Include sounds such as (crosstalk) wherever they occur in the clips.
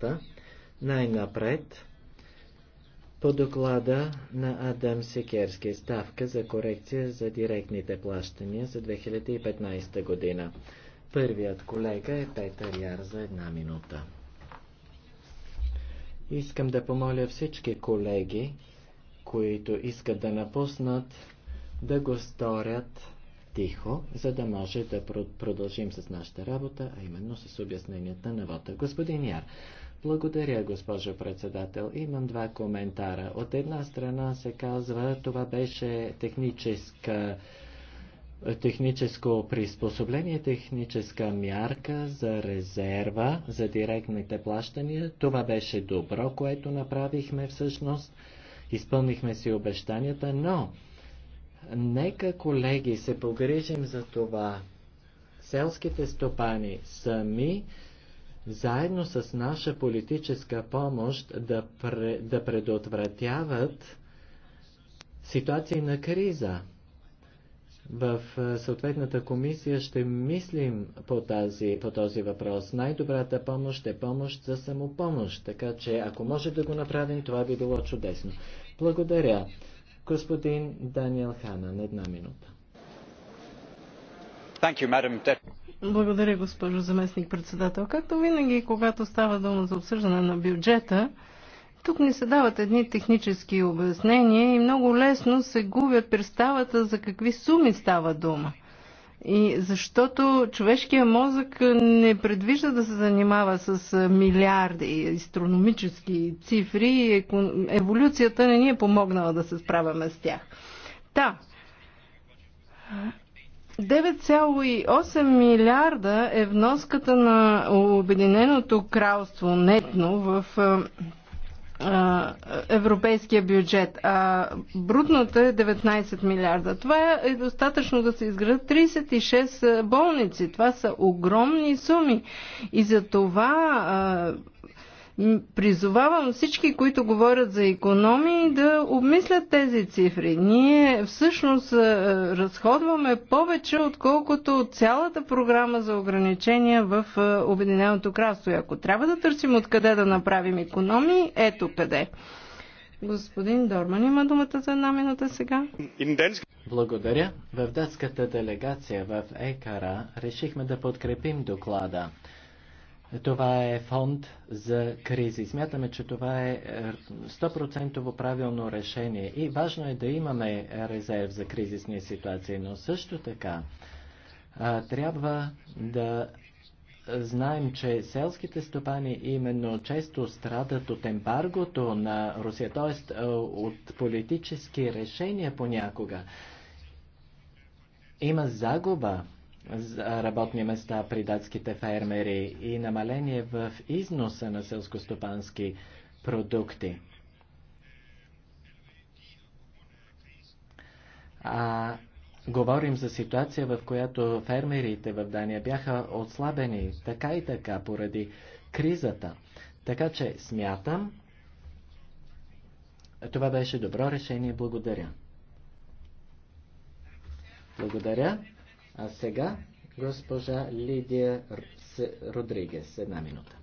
дебата. Най-напред по доклада на Адам Секерски ставка за корекция за директните плащания за 2015 година. Първият колега е Петър Яр за една минута. Искам да помоля всички колеги, които искат да напуснат, да го сторят тихо, за да може да продължим с нашата работа, а именно с обясненията на вода. Господин Яр, благодаря, госпожо председател. Имам два коментара. От една страна се казва, това беше техническа техническо приспособление, техническа мярка за резерва, за директните плащания. Това беше добро, което направихме всъщност. Изпълнихме си обещанията, но нека, колеги, се погрижим за това. Селските стопани сами заедно с наша политическа помощ да, пре, да предотвратяват ситуации на криза. В е, съответната комисия ще мислим по, тази, по този въпрос. Най-добрата помощ е помощ за самопомощ, така че ако може да го направим, това би било чудесно. Благодаря. Господин Даниел Ханан, една минута. Thank you, благодаря, госпожо заместник председател. Както винаги, когато става дума за обсъждане на бюджета, тук ни се дават едни технически обяснения и много лесно се губят представата за какви суми става дума. И защото човешкият мозък не предвижда да се занимава с милиарди астрономически цифри и еволюцията не ни е помогнала да се справяме с тях. Та, 9,8 милиарда е вноската на Обединеното кралство нетно в европейския бюджет, а брутната е 19 милиарда. Това е достатъчно да се изградат 36 болници. Това са огромни суми. И за това Призовавам всички, които говорят за економии, да обмислят тези цифри. Ние всъщност е, разходваме повече, отколкото от цялата програма за ограничения в е, Обединеното кралство. И ако трябва да търсим откъде да направим економии, ето къде. Господин Дорман има думата за една минута сега. Благодаря. В детската делегация в ЕКАРА решихме да подкрепим доклада. Това е фонд за кризи. Смятаме, че това е 100% е, правилно решение и важно е да имаме резерв за кризисни ситуации, но също така трябва да знаем, че селските стопани именно често страдат от ембаргото на Русия, т.е. Е, от политически решения понякога. Има загуба работни места при датските фермери и намаление в износа на селскостопански продукти. А говорим за ситуация, в която фермерите в Дания бяха отслабени така и така поради кризата. Така че смятам, това беше добро решение. Благодаря. Благодаря. А сега госпожа Лидия Родригес. Една минута.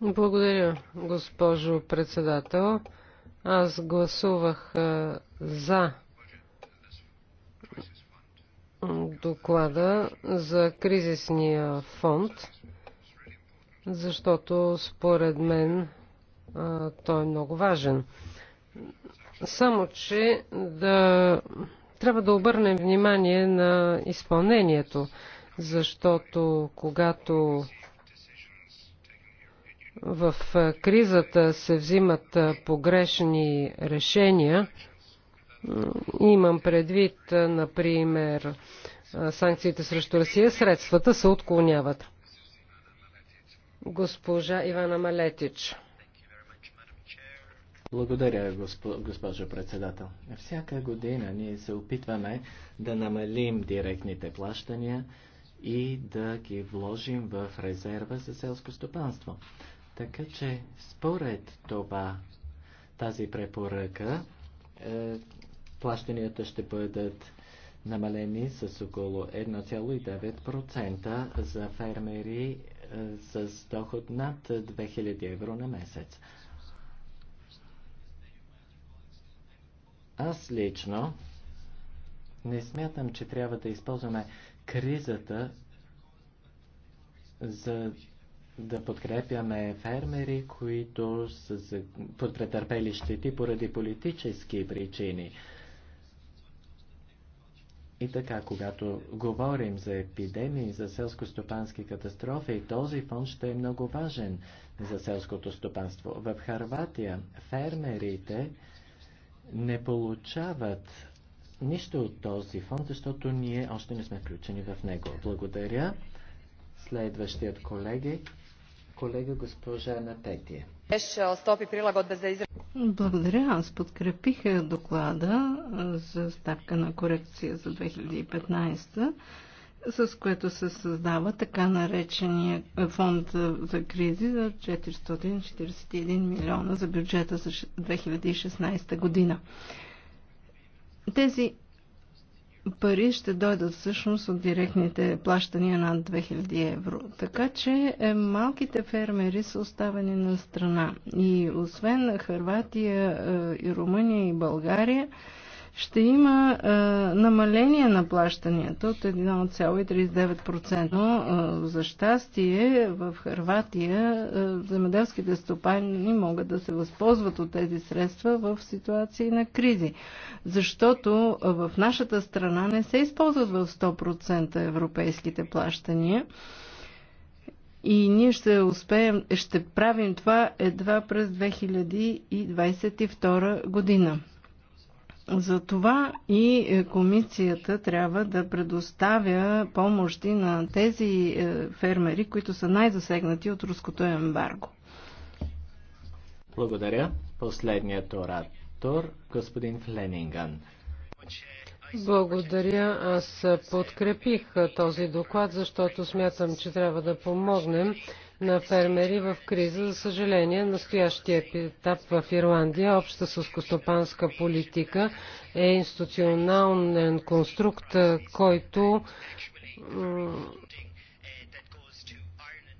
Благодаря, госпожо председател. Аз гласувах за доклада за кризисния фонд, защото според мен той е много важен. Само, че да трябва да обърнем внимание на изпълнението, защото когато в кризата се взимат погрешни решения, имам предвид, например, санкциите срещу Русия, средствата се отклоняват. Госпожа Ивана Малетич. Благодаря, госпожо председател. Всяка година ние се опитваме да намалим директните плащания и да ги вложим в резерва за селско стопанство. Така че, според това, тази препоръка, е, плащанията ще бъдат намалени с около 1,9% за фермери е, с доход над 2000 евро на месец. Аз лично не смятам, че трябва да използваме кризата за да подкрепяме фермери, които са претърпели щети поради политически причини. И така, когато говорим за епидемии, за селско-стопански катастрофи, този фонд ще е много важен за селското стопанство. В Харватия фермерите не получават нищо от този фонд, защото ние още не сме включени в него. Благодаря. Следващият колеги, колега госпожа Натетия. Благодаря. Аз подкрепих доклада за ставка на корекция за 2015 с което се създава така наречения фонд за кризи за 441 милиона за бюджета за 2016 година. Тези пари ще дойдат всъщност от директните плащания над 2000 евро. Така че е, малките фермери са оставени на страна. И освен Харватия е, и Румъния и България, ще има а, е, намаление на плащанията от 1,39%. Е, за щастие в Харватия а, е, земеделските стопани могат да се възползват от тези средства в ситуации на кризи, защото а, в нашата страна не се използват в 100% европейските плащания. И ние ще успеем, ще правим това едва през 2022 година. Затова и комисията трябва да предоставя помощи на тези е, фермери, които са най-засегнати от руското ембарго. Благодаря. Последният оратор, господин Фленинган. Благодаря. Аз подкрепих този доклад, защото смятам, че трябва да помогнем на фермери в криза. За съжаление, настоящия етап в Ирландия, обща сълскостопанска политика е институционален конструкт, който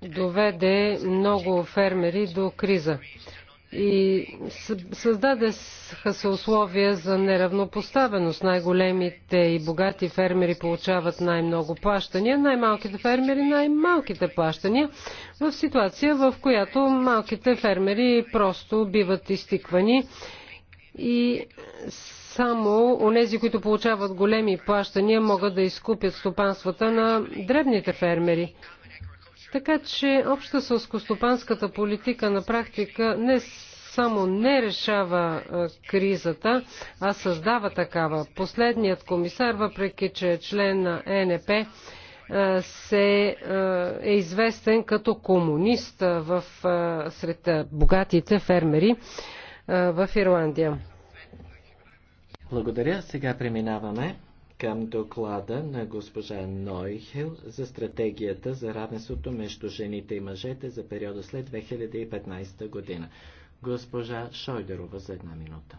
доведе много фермери до криза и създадеха се условия за неравнопоставеност. Най-големите и богати фермери получават най-много плащания, най-малките фермери най-малките плащания в ситуация, в която малките фермери просто биват изтиквани и само онези, които получават големи плащания, могат да изкупят стопанствата на дребните фермери. Така че обща сълскостопанската политика на практика не само не решава кризата, а създава такава. Последният комисар, въпреки че е член на ЕНП, се е известен като комунист в, сред богатите фермери в Ирландия. Благодаря. Сега преминаваме към доклада на госпожа Нойхел за стратегията за равенството между жените и мъжете за периода след 2015 година. Госпожа Шойдерова за една минута.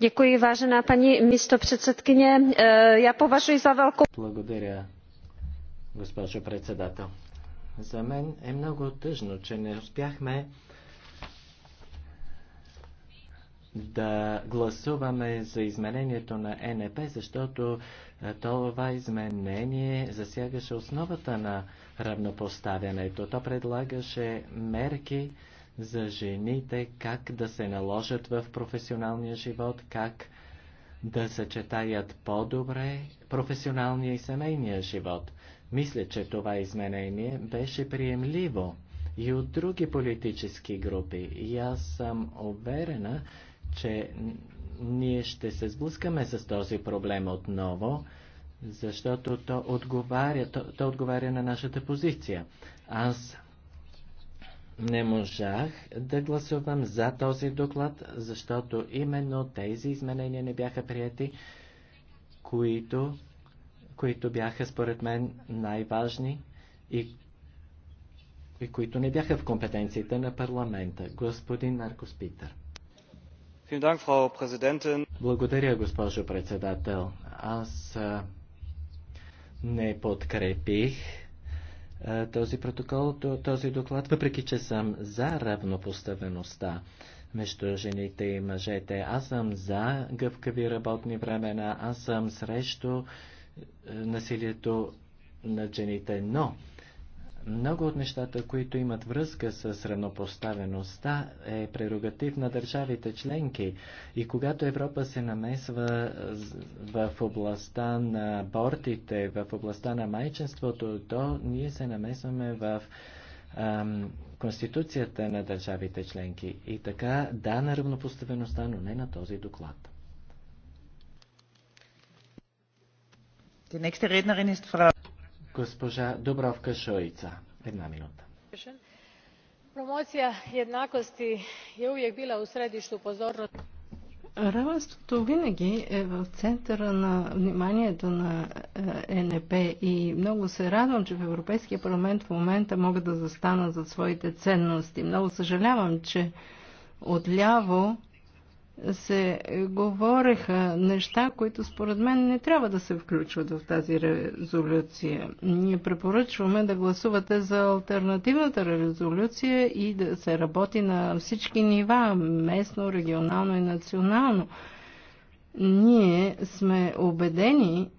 Děkuji, vážená paní předsedkyně. Е, já považuji za velkou... Благодаря, госпожо председател. За мен е много тъжно, че не успяхме да гласуваме за изменението на НП, защото това изменение засягаше основата на равнопоставянето. То предлагаше мерки за жените как да се наложат в професионалния живот, как да съчетаят по-добре професионалния и семейния живот. Мисля, че това изменение беше приемливо и от други политически групи. И аз съм уверена, че ние ще се сблъскаме с този проблем отново, защото то отговаря, то, то отговаря на нашата позиция. Аз не можах да гласувам за този доклад, защото именно тези изменения не бяха прияти, които, които бяха според мен най-важни и, и които не бяха в компетенциите на парламента. Господин Маркос Питър. Благодаря, госпожо председател. Аз не подкрепих този протокол, този доклад, въпреки че съм за равнопоставеността между жените и мъжете. Аз съм за гъвкави работни времена, аз съм срещу насилието над жените, но много от нещата, които имат връзка с равнопоставеността, е прерогатив на държавите членки. И когато Европа се намесва в областта на бортите, в областта на майчинството, то ние се намесваме в ам, Конституцията на държавите членки. И така, да на равнопоставеността, но не на този доклад. Die nächste Rednerin ist Frau Госпожа Дубравка Шоица. Една минута. Промоција еднакости е увек била у средишту позорност. Равенството винаги е в центъра на вниманието на ЕНП и много се радвам, че в Европейския парламент в момента могат да застанат за своите ценности. Много съжалявам, че отляво се говореха неща, които според мен не трябва да се включват в тази резолюция. Ние препоръчваме да гласувате за альтернативната резолюция и да се работи на всички нива местно, регионално и национално. Ние сме убедени,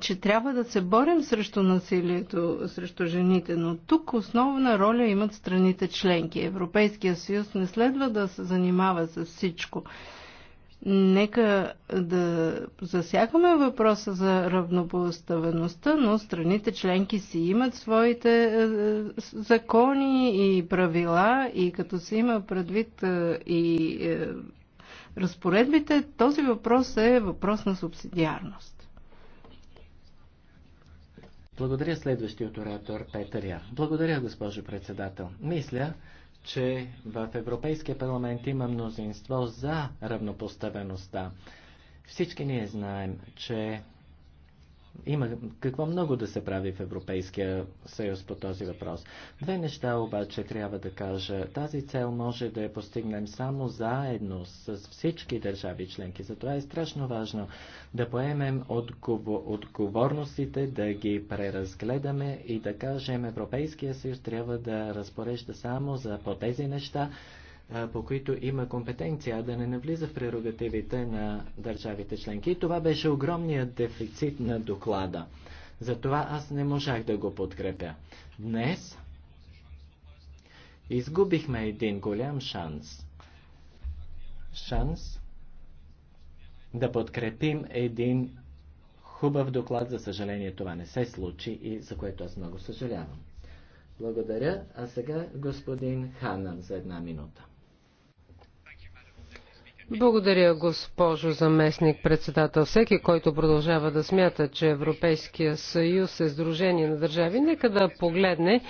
че трябва да се борим срещу насилието срещу жените, но тук основна роля имат страните членки. Европейския съюз не следва да се занимава с всичко. Нека да засягаме въпроса за равнопоставеността, но страните членки си имат своите е, е, закони и правила и като се има предвид е, и разпоредбите, този въпрос е въпрос на субсидиарност. Благодаря следващият оратор Петър Я. Благодаря, госпожо председател. Мисля, че в Европейския парламент има мнозинство за равнопоставеността. Всички ние знаем, че има какво много да се прави в Европейския съюз по този въпрос. Две неща обаче трябва да кажа. Тази цел може да я постигнем само заедно с всички държави членки. Затова е страшно важно да поемем отговор... отговорностите, да ги преразгледаме и да кажем Европейския съюз трябва да разпорежда само за по тези неща, по които има компетенция, да не навлиза в прерогативите на държавите членки. И това беше огромният дефицит на доклада. Затова аз не можах да го подкрепя. Днес изгубихме един голям шанс. Шанс да подкрепим един хубав доклад. За съжаление това не се случи и за което аз много съжалявам. Благодаря. А сега господин Ханан за една минута. Благодаря, госпожо заместник председател. Всеки, който продължава да смята, че Европейския съюз е сдружение на държави, нека да погледне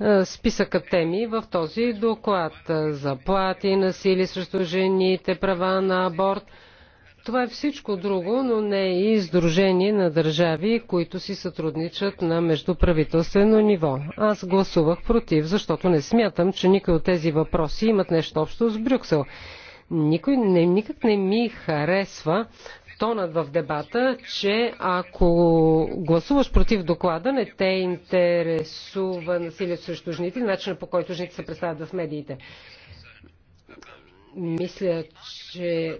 е, списъка теми в този доклад. Заплати, насили срещу жените, права на аборт. Това е всичко друго, но не е и сдружение на държави, които си сътрудничат на междуправителствено ниво. Аз гласувах против, защото не смятам, че никой от тези въпроси имат нещо общо с Брюксел. Никой не, никак не ми харесва тонът в дебата, че ако гласуваш против доклада, не те интересува насилие срещу жените и по който жените се представят в медиите. Мисля, че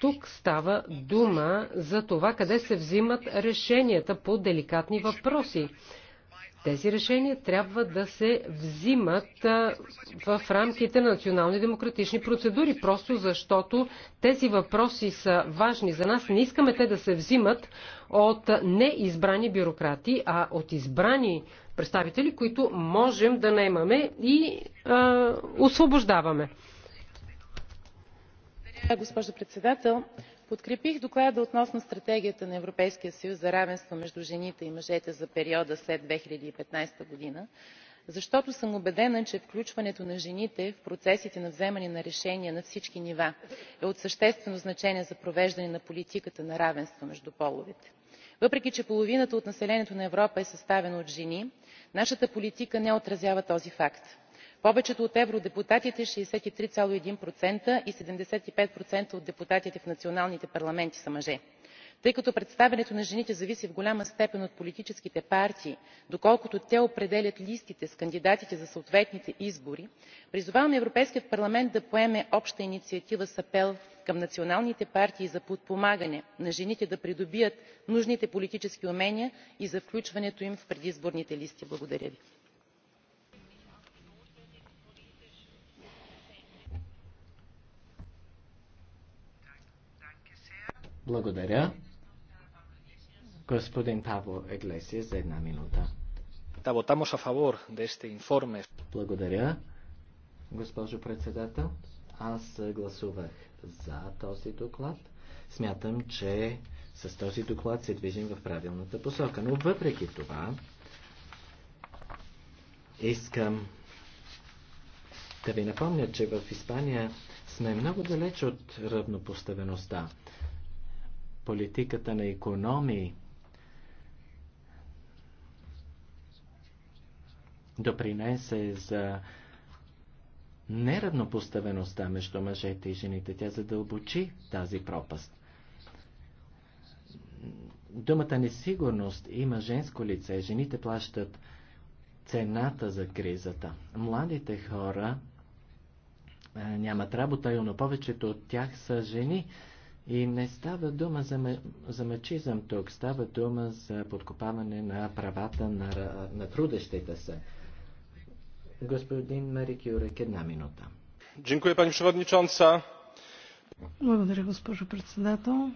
тук става дума за това къде се взимат решенията по деликатни въпроси. Тези решения трябва да се взимат в рамките на национални демократични процедури, просто защото тези въпроси са важни за нас. Не искаме те да се взимат от неизбрани бюрократи, а от избрани представители, които можем да наемаме и а, освобождаваме. госпожо председател подкрепих доклада относно стратегията на европейския съюз за равенство между жените и мъжете за периода след две хиляди и петнадесета година защото съм убедена че включването на жените в процесите на вземане на решения на всички нива е от съществено значение за провеждане на политиката на равенство между половете. въпреки че половината от населението на европа е съставено от жени нашата политика не отразява този факт повечето от евродепутатите шестдесет и три един и седемдесет и пет от депутатите в националните парламенти са мъже. тъй като представянето на жените зависи в голяма степен от политическите партии доколкото те определят листите с кандидатите за съответните избори призовавам европейският парламент да поеме обща инициатива с апел към националните партии за подпомагане на жените да придобият нужните политически умения и за включването им в предизборните листи. благодаря ви. Благодаря. Господин Таво Еглесия за една минута. Да, votamos a favor de este informe. Благодаря. Госпожо председател, аз гласувах за този доклад. Смятам, че с този доклад се движим в правилната посока. Но въпреки това, искам да ви напомня, че в Испания сме много далеч от равнопоставеността политиката на економии допринесе за неравнопоставеността между мъжете и жените. Тя задълбочи тази пропаст. Думата несигурност има женско лице. Жените плащат цената за кризата. Младите хора нямат работа, но повечето от тях са жени. И не става дума за, за мачизъм тук, става дума за подкопаване на правата на, на трудещите се. Господин Марик Юрек, една минута. Дякую, пани Przewodnicząca. Благодаря, госпожо председател.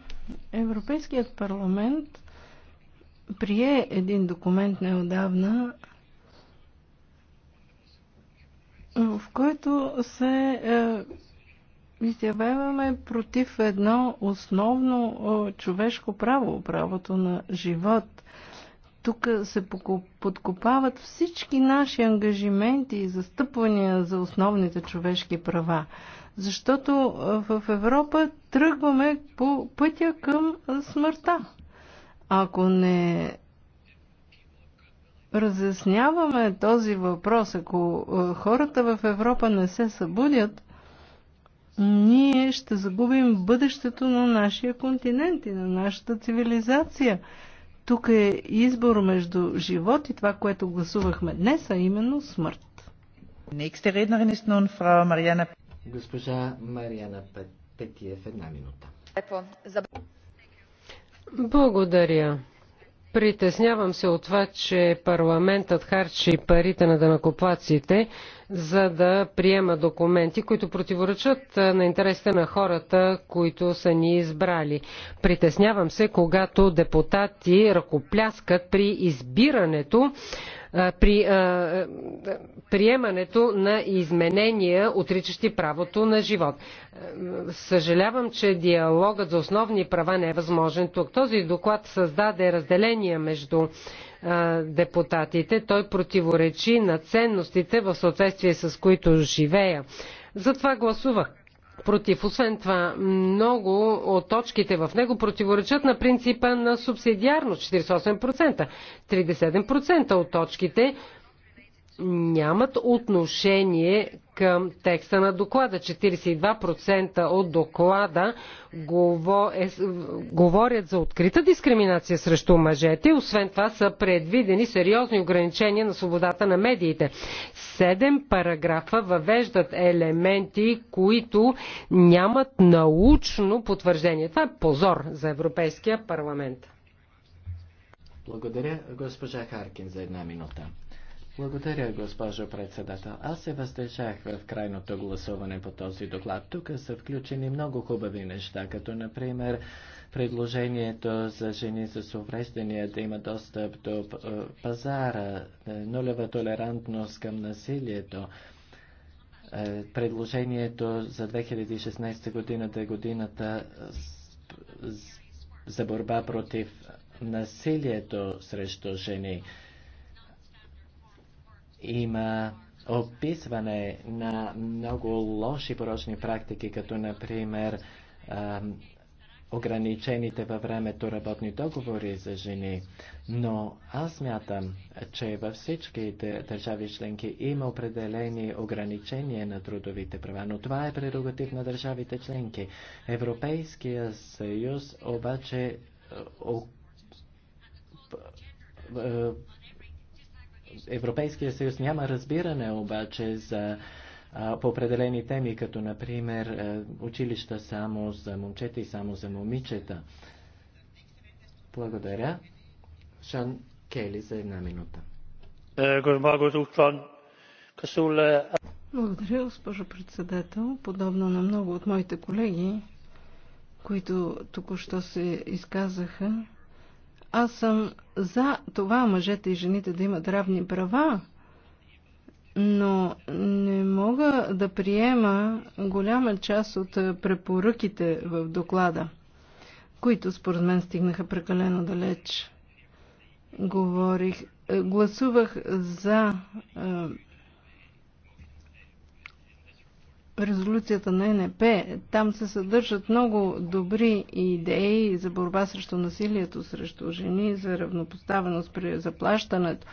Европейският парламент прие един документ неодавна, в който се е, изявяваме против едно основно човешко право, правото на живот. Тук се подкопават всички наши ангажименти и застъпвания за основните човешки права. Защото в Европа тръгваме по пътя към смъртта. Ако не разясняваме този въпрос, ако хората в Европа не се събудят, ние ще загубим бъдещето на нашия континент и на нашата цивилизация. Тук е избор между живот и това, което гласувахме днес, а именно смърт. Госпожа Марияна Петиев, една минута. Благодаря. Притеснявам се от това, че парламентът харчи парите на дънакоплаците, за да приема документи, които противоречат на интересите на хората, които са ни избрали. Притеснявам се, когато депутати ръкопляскат при избирането при приемането на изменения, отричащи правото на живот. Съжалявам, че диалогът за основни права не е възможен тук. Този доклад създаде разделение между депутатите. Той противоречи на ценностите, в съответствие с които живея. Затова гласувах против. Освен това, много от точките в него противоречат на принципа на субсидиарност 48%. 37% от точките нямат отношение към текста на доклада. 42% от доклада е говорят за открита дискриминация срещу мъжете. Освен това са предвидени сериозни ограничения на свободата на медиите. Седем параграфа въвеждат елементи, които нямат научно потвърждение. Това е позор за Европейския парламент. Благодаря, госпожа Харкин, за една минута. Благодаря, госпожо председател. Аз се въздържах в крайното гласуване по този доклад. Тук са включени много хубави неща, като например предложението за жени с увреждания да има достъп до е, пазара, е, нулева толерантност към насилието, е, предложението за 2016 година да е годината за борба против насилието срещу жени. Има описване на много лоши порочни практики, като например ограничените във времето работни договори за жени. Но аз мятам, че във всички държави членки има определени ограничения на трудовите права, но това е прерогатив на държавите членки. Европейския съюз обаче е, е, Европейския съюз няма разбиране обаче за по определени теми, като например училища само за момчета и само за момичета. Благодаря. Шан Кели за една минута. Е, Благодаря, госпожо председател. Подобно на много от моите колеги, които току-що се изказаха, аз съм за това мъжете и жените да имат равни права, но не мога да приема голяма част от препоръките в доклада, които според мен стигнаха прекалено далеч. Говорих, гласувах за е, резолюцията на НП. Там се съдържат много добри идеи за борба срещу насилието срещу жени, за равнопоставеност при заплащането.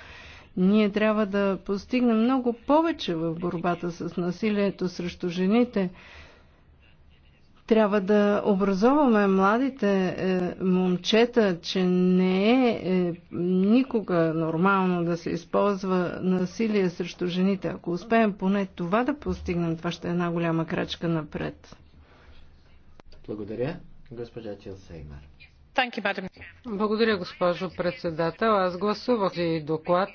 Ние трябва да постигнем много повече в борбата с насилието срещу жените. Трябва да образоваме младите е, момчета, че не е, е никога нормално да се използва насилие срещу жените. Ако успеем поне това да постигнем, това ще е една голяма крачка напред. Благодаря, госпожа Чилсеймар. Благодаря, госпожо председател. Аз гласувах и доклад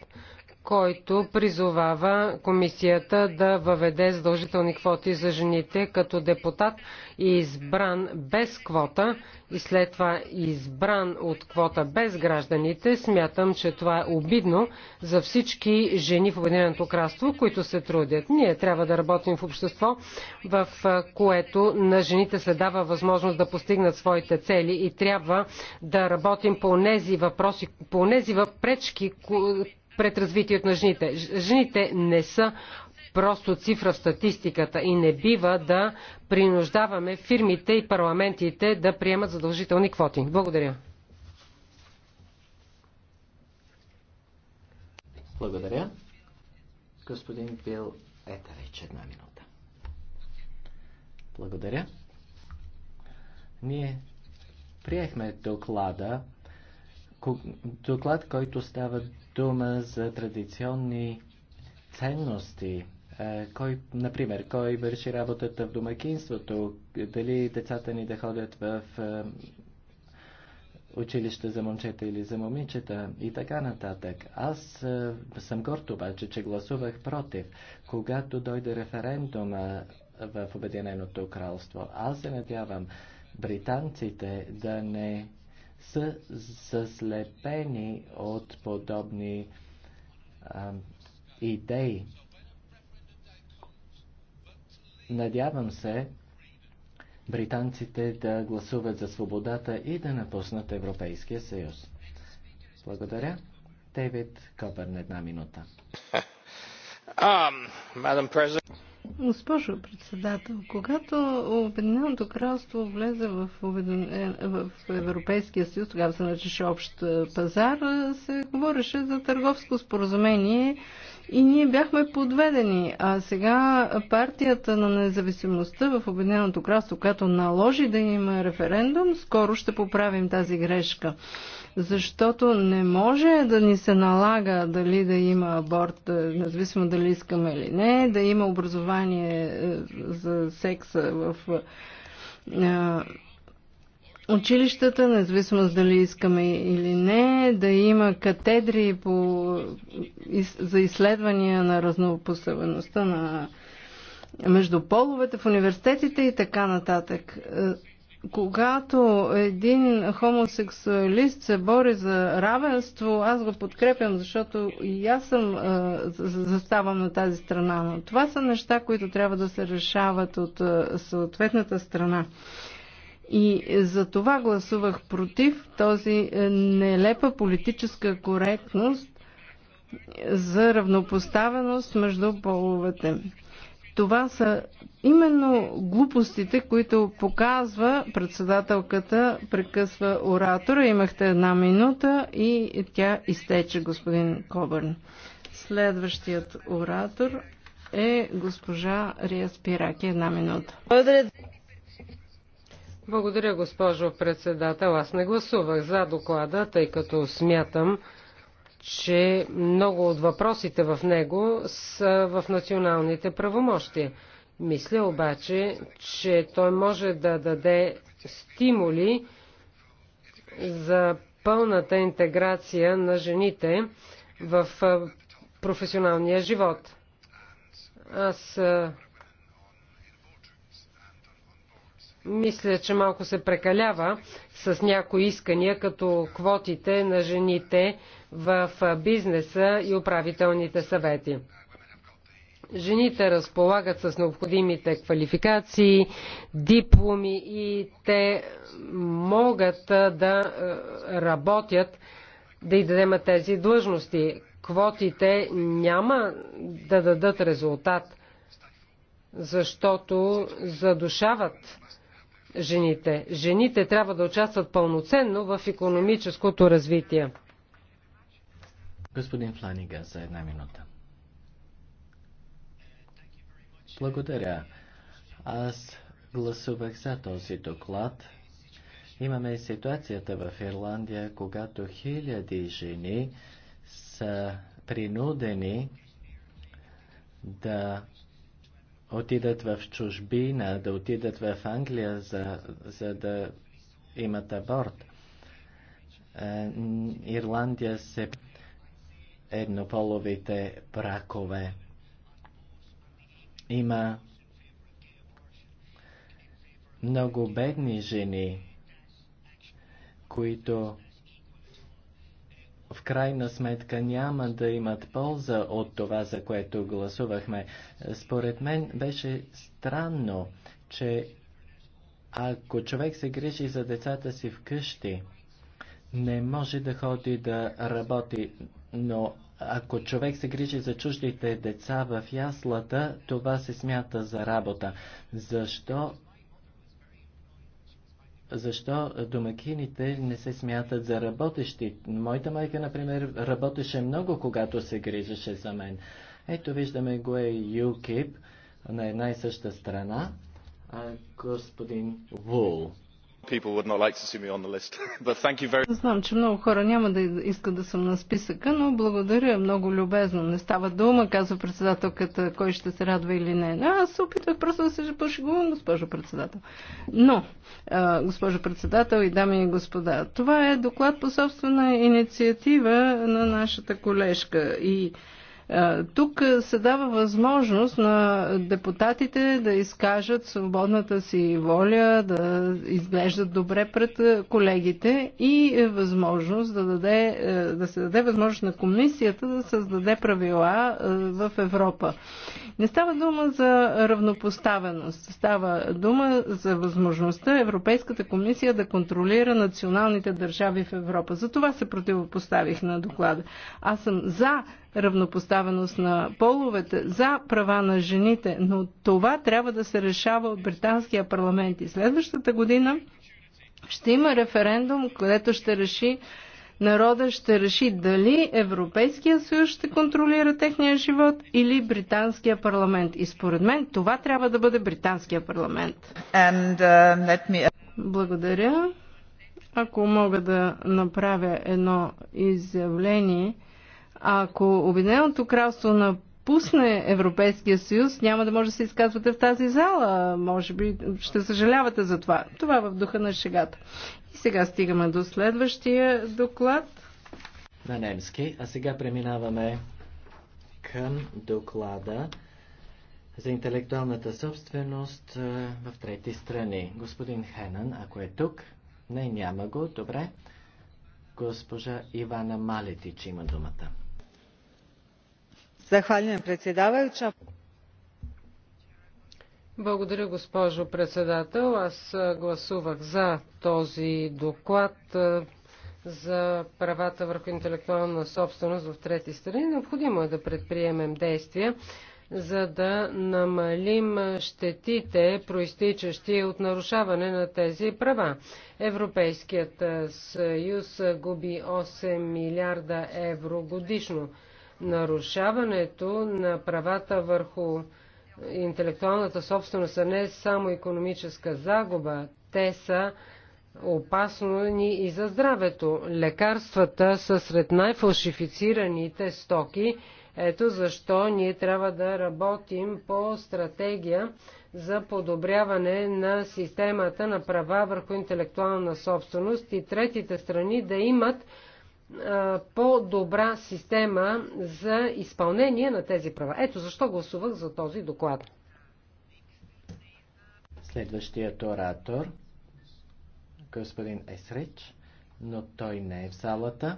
който призовава комисията да въведе задължителни квоти за жените като депутат и избран без квота и след това избран от квота без гражданите. Смятам, че това е обидно за всички жени в Обединеното кралство, които се трудят. Ние трябва да работим в общество, в което на жените се дава възможност да постигнат своите цели и трябва да работим по тези въпроси, по тези въпречки, пред развитието на жените. Жените не са просто цифра в статистиката и не бива да принуждаваме фирмите и парламентите да приемат задължителни квоти. Благодаря. Благодаря. Господин Бил Етарич, една минута. Благодаря. Ние приехме доклада доклад, който става дума за традиционни ценности. Е, кой, например, кой върши работата в домакинството, дали децата ни да ходят в е, училище за момчета или за момичета и така нататък. Аз е, съм горд обаче, че гласувах против, когато дойде референдума в Обединеното кралство. Аз се надявам британците да не са заслепени от подобни а, идеи. Надявам се британците да гласуват за свободата и да напуснат Европейския съюз. Благодаря. Девид Кобърн, една минута. (laughs) Um, Госпожо председател, когато Обединеното кралство влезе в, обеден... в Европейския съюз, тогава се наричаше общ пазар, се говореше за търговско споразумение и ние бяхме подведени. А сега партията на независимостта в Обединеното кралство, която наложи да има референдум, скоро ще поправим тази грешка. Защото не може да ни се налага дали да има аборт, е, независимо дали искаме или не, да има образование е, за секса в е, училищата, независимо дали искаме или не, да има катедри по, за изследвания на разнопоставеността на между половете в университетите и така нататък. Е, когато един хомосексуалист се бори за равенство, аз го подкрепям, защото и аз съм е, заставам на тази страна. Но това са неща, които трябва да се решават от е, съответната страна. И за това гласувах против този е, нелепа политическа коректност за равнопоставеност между половете. Това са именно глупостите, които показва председателката, прекъсва оратора. Имахте една минута и тя изтече, господин Кобърн. Следващият оратор е госпожа Рия Спираки. Една минута. Благодаря. Благодаря, госпожо председател. Аз не гласувах за доклада, тъй като смятам, че много от въпросите в него са в националните правомощия. Мисля обаче, че той може да даде стимули за пълната интеграция на жените в професионалния живот. Аз мисля, че малко се прекалява с някои искания, като квотите на жените в бизнеса и управителните съвети. Жените разполагат с необходимите квалификации, дипломи и те могат да работят, да и дадем тези длъжности. Квотите няма да дадат резултат, защото задушават жените. Жените трябва да участват пълноценно в економическото развитие. Господин Фланига, за една минута. Благодаря. Аз гласувах за този доклад. Имаме и ситуацията в Ирландия, когато хиляди жени са принудени да отидат в чужбина, да отидат в Англия, за, за да имат аборт. Е, Ирландия се еднополовите бракове. Има много бедни жени, които в крайна сметка няма да имат полза от това, за което гласувахме. Според мен беше странно, че ако човек се грижи за децата си вкъщи, не може да ходи да работи, но ако човек се грижи за чуждите деца в яслата, това се смята за работа. Защо защо домакините не се смятат за работещи. Моята майка, например, работеше много, когато се грижеше за мен. Ето виждаме го е ЮКИП на една и съща страна, а господин Вул. Like Знам, че много хора няма да искат да съм на списъка, но благодаря много любезно. Не става дума, казва председателката, кой ще се радва или не. А, аз се опитвах просто да се пошегувам, госпожо председател. Но, госпожо председател и дами и господа, това е доклад по собствена инициатива на нашата колежка и е, тук се дава възможност на депутатите да изкажат свободната си воля, да изглеждат добре пред колегите и е възможност да, даде, е, да се даде възможност на комисията да създаде правила в Европа. Не става дума за равнопоставеност, става дума за възможността Европейската комисия да контролира националните държави в Европа. За това се противопоставих на доклада. Аз съм за равнопоставеност на половете, за права на жените, но това трябва да се решава от британския парламент. И следващата година ще има референдум, където ще реши народа ще реши дали Европейския съюз ще контролира техния живот или британския парламент. И според мен това трябва да бъде британския парламент. And, uh, let me... Благодаря. Ако мога да направя едно изявление, ако Обединеното кралство напусне Европейския съюз, няма да може да се изказвате в тази зала. Може би ще съжалявате за това. Това е в духа на шегата. И сега стигаме до следващия доклад. На немски. А сега преминаваме към доклада за интелектуалната собственост в трети страни. Господин Хенън, ако е тук, не, няма го, добре. Госпожа Ивана Малетич има думата. Zahvaljujem predsjedavajuća. Благодаря, госпожо председател. Аз гласувах за този доклад за правата върху интелектуална собственост в трети страни. Необходимо е да предприемем действия, за да намалим щетите, проистичащи от нарушаване на тези права. Европейският съюз губи 8 милиарда евро годишно нарушаването на правата върху интелектуалната собственост, а не само економическа загуба. Те са опасни и за здравето. Лекарствата са сред най-фалшифицираните стоки. Ето защо ние трябва да работим по стратегия за подобряване на системата на права върху интелектуална собственост и третите страни да имат е, по-добра система за изпълнение на тези права. Ето защо гласувах за този доклад. Следващият оратор, господин Есрич, но той не е в залата.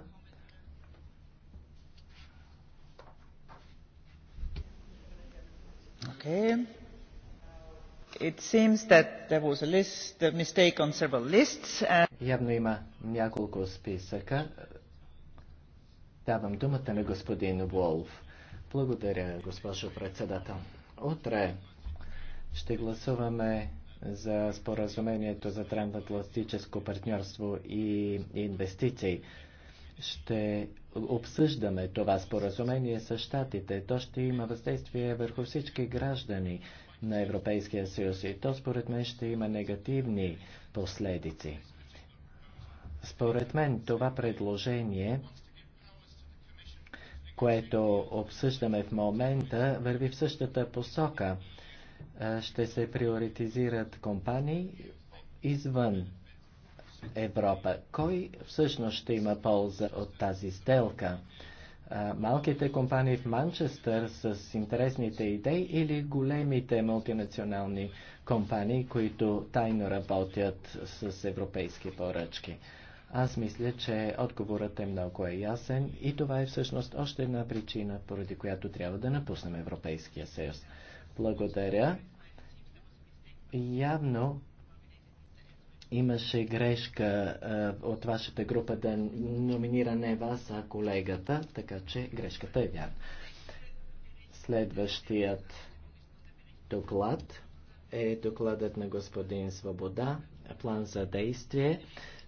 Okay. It seems that there was a list, a mistake on several lists. And... Явно има няколко списъка. Давам думата на господин Волф. Благодаря, госпожо председател. Утре ще гласуваме за споразумението за трансатлантическо партньорство и инвестиции. Ще обсъждаме това споразумение с щатите. То ще има въздействие върху всички граждани на Европейския съюз и то според мен ще има негативни последици. Според мен това предложение което обсъждаме в момента, върви в същата посока. Ще се приоритизират компании извън Европа. Кой всъщност ще има полза от тази сделка? малките компании в Манчестър с интересните идеи или големите мултинационални компании, които тайно работят с европейски поръчки. Аз мисля, че отговорът е много е ясен и това е всъщност още една причина, поради която трябва да напуснем Европейския съюз. Благодаря. Явно имаше грешка а, от вашата група да номинира не вас, а колегата, така че грешката е вярна. Следващият доклад е докладът на господин Свобода, план за действие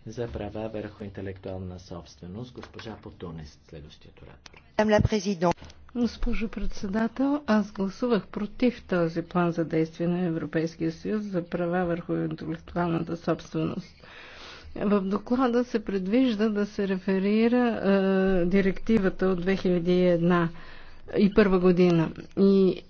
за права върху интелектуална собственост. Госпожа Потунес, следващият оратор. Госпожо председател, аз гласувах против този план за действие на Европейския съюз за права върху интелектуалната собственост. В доклада се предвижда да се реферира е, директивата от 2001 и първа година. И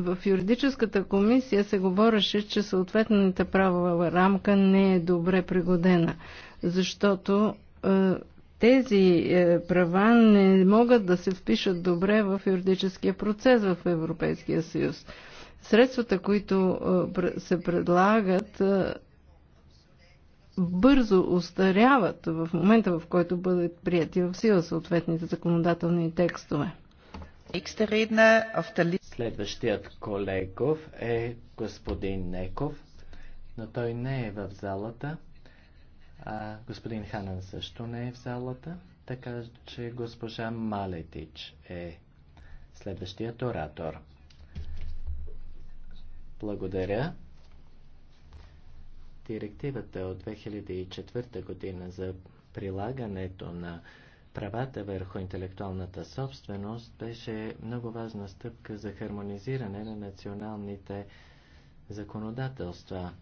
в юридическата комисия се говореше, че съответната правова рамка не е добре пригодена, защото е, тези е, права не могат да се впишат добре в юридическия процес в Европейския съюз. Средствата, които е, се предлагат, бързо устаряват в момента, в който бъдат прияти в сила съответните законодателни текстове. Следващият колегов е господин Неков, но той не е в залата. А господин Ханан също не е в залата, така че госпожа Малетич е следващият оратор. Благодаря. Директивата от 2004 година за прилагането на правата върху интелектуалната собственост беше много важна стъпка за хармонизиране на националните законодателства.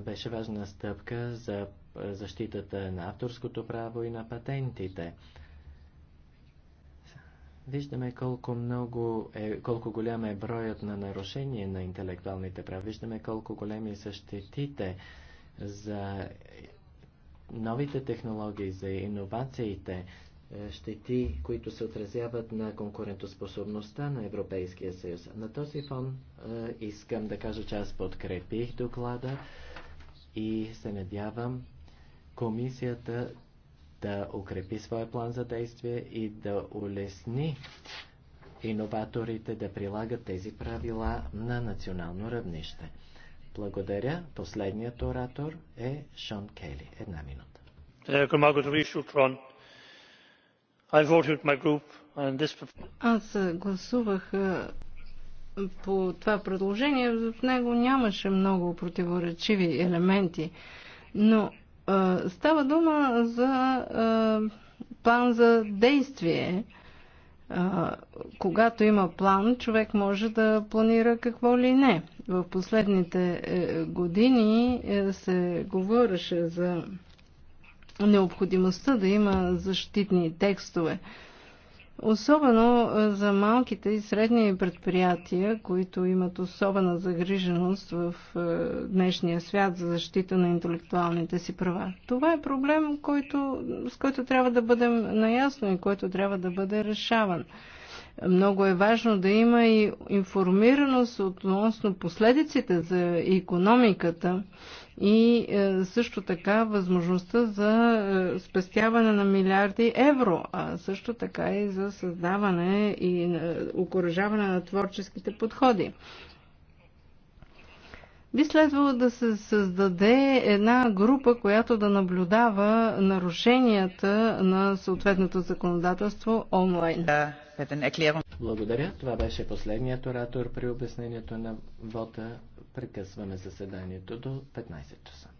Беше важна стъпка за защитата на авторското право и на патентите. Виждаме колко много е, колко голям е броят на нарушение на интелектуалните права. Виждаме колко големи са щетите за новите технологии, за иновациите, е, щети, които се отразяват на конкурентоспособността на Европейския съюз. На този фон е, искам да кажа, че аз подкрепих доклада и се надявам комисията да укрепи своя план за действие и да улесни иноваторите да прилагат тези правила на национално равнище. Благодаря. Последният оратор е Шон Кели. Една минута. Аз гласувах по това предложение. В него нямаше много противоречиви елементи. Но а, става дума за а, план за действие. А, когато има план, човек може да планира какво ли не. В последните е, години е, се говореше за необходимостта да има защитни текстове. Особено за малките и средни предприятия, които имат особена загриженост в днешния свят за защита на интелектуалните си права. Това е проблем, който, с който трябва да бъдем наясно и който трябва да бъде решаван. Много е важно да има и информираност относно последиците за економиката и е, също така възможността за е, спестяване на милиарди евро, а също така и за създаване и е, окоръжаване на творческите подходи. Би следвало да се създаде една група, която да наблюдава нарушенията на съответното законодателство онлайн. Да. Благодаря. Това беше последният оратор при обяснението на вота. Прекъсваме заседанието до 15 часа.